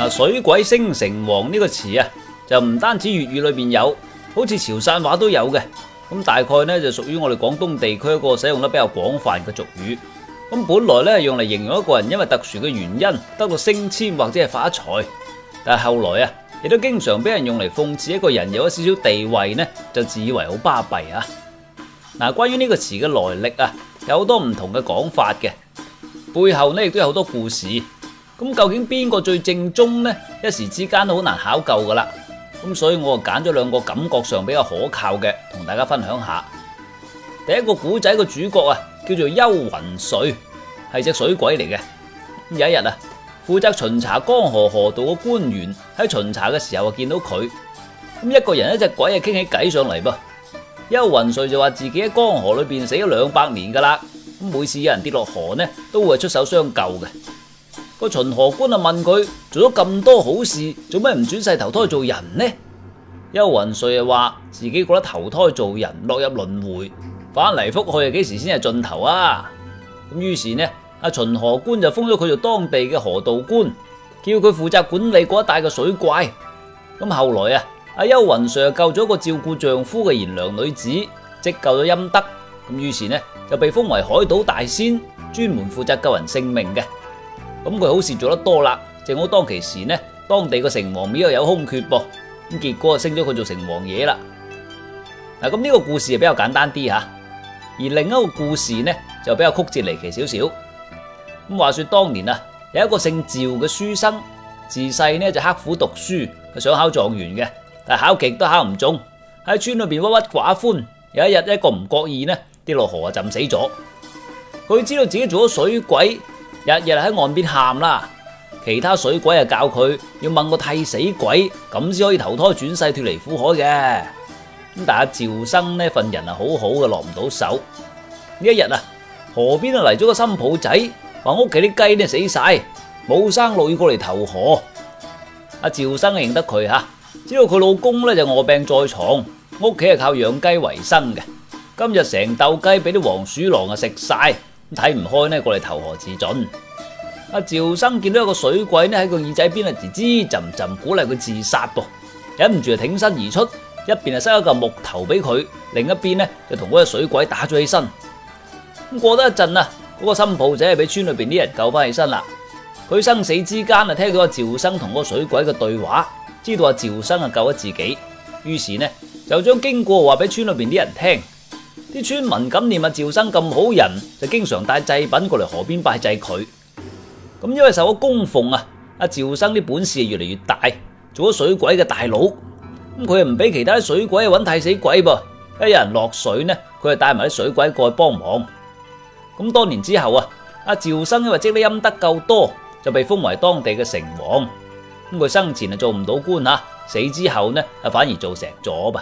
嗱，水鬼升城隍呢個詞啊，就唔單止粵語裏邊有，好似潮汕話都有嘅。咁大概呢，就屬於我哋廣東地區一個使用得比較廣泛嘅俗語。咁本來呢，用嚟形容一個人因為特殊嘅原因得到升遷或者係發咗財，但係後來啊，亦都經常俾人用嚟諷刺一個人有一少少地位呢，就自以為好巴閉啊。嗱，關於呢個詞嘅來歷啊，有好多唔同嘅講法嘅，背後呢，亦都有好多故事。咁究竟邊個最正宗呢？一時之間都好難考究噶啦。咁所以我就揀咗兩個感覺上比較可靠嘅，同大家分享下。第一個古仔嘅主角啊，叫做幽魂瑞，係隻水鬼嚟嘅。有一日啊，負責巡查江河河道嘅官員喺巡查嘅時候啊，見到佢咁一個人，一隻鬼啊，傾起偈上嚟噃。幽魂瑞就話自己喺江河裏邊死咗兩百年噶啦，咁每次有人跌落河呢，都會出手相救嘅。個秦河官啊問佢做咗咁多好事，做咩唔轉世投胎去做人呢？邱雲瑞啊話自己覺得投胎做人，落入輪迴，反嚟覆去，幾時先係盡頭啊？咁於是呢，阿秦河官就封咗佢做當地嘅河道官，叫佢負責管理嗰一帶嘅水怪。咁後來啊，阿邱雲瑞又救咗個照顧丈夫嘅賢良女子，即救咗陰德，咁於是呢就被封為海島大仙，專門負責救人性命嘅。咁佢好事做得多啦，正好當其時呢，當地個城隍廟又有空缺噃、啊，咁結果升咗佢做城隍爺啦。嗱、啊、咁、這、呢個故事就比較簡單啲吓、啊，而另一個故事呢就比較曲折離奇少少。咁、啊、話說當年啊，有一個姓趙嘅書生，自細呢就刻苦讀書，佢想考狀元嘅，但係考極都考唔中，喺村裏邊鬱鬱寡歡。有一日一個唔覺意呢，跌落河啊浸死咗，佢知道自己做咗水鬼。日日喺岸邊喊啦，其他水鬼啊教佢要問個替死鬼，咁先可以投胎轉世脱離苦海嘅。咁但係阿趙生呢份人係好好嘅，落唔到手。呢一日啊，河邊啊嚟咗個新抱仔，話屋企啲雞呢死晒，冇生路要過嚟投河。阿趙生啊認得佢吓，知道佢老公呢就臥病在床，屋企係靠養雞為生嘅。今日成斗雞俾啲黃鼠狼啊食晒，睇唔開呢，過嚟投河自盡。阿趙生見到有個水鬼呢喺個耳仔邊啊，吱吱浸浸鼓勵佢自殺噃，忍唔住啊挺身而出，一邊啊塞咗嚿木頭俾佢，另一邊呢就同嗰個水鬼打咗起身。咁過咗一陣啊，嗰個新抱仔俾村裏邊啲人救翻起身啦。佢生死之間啊聽到阿趙生同嗰個水鬼嘅對話，知道阿趙生啊救咗自己，於是呢就將經過話俾村裏邊啲人聽。啲村民感念阿趙生咁好人，就經常帶祭品過嚟河邊拜祭佢。咁因為受咗供奉啊，阿趙生啲本事越嚟越大，做咗水鬼嘅大佬。咁佢又唔俾其他啲水鬼揾替死鬼噃，一有人落水呢，佢就帶埋啲水鬼過去幫忙。咁多年之後啊，阿趙生因為積得陰德夠多，就被封為當地嘅城隍。咁佢生前啊做唔到官吓，死之後呢，啊反而做成咗噃。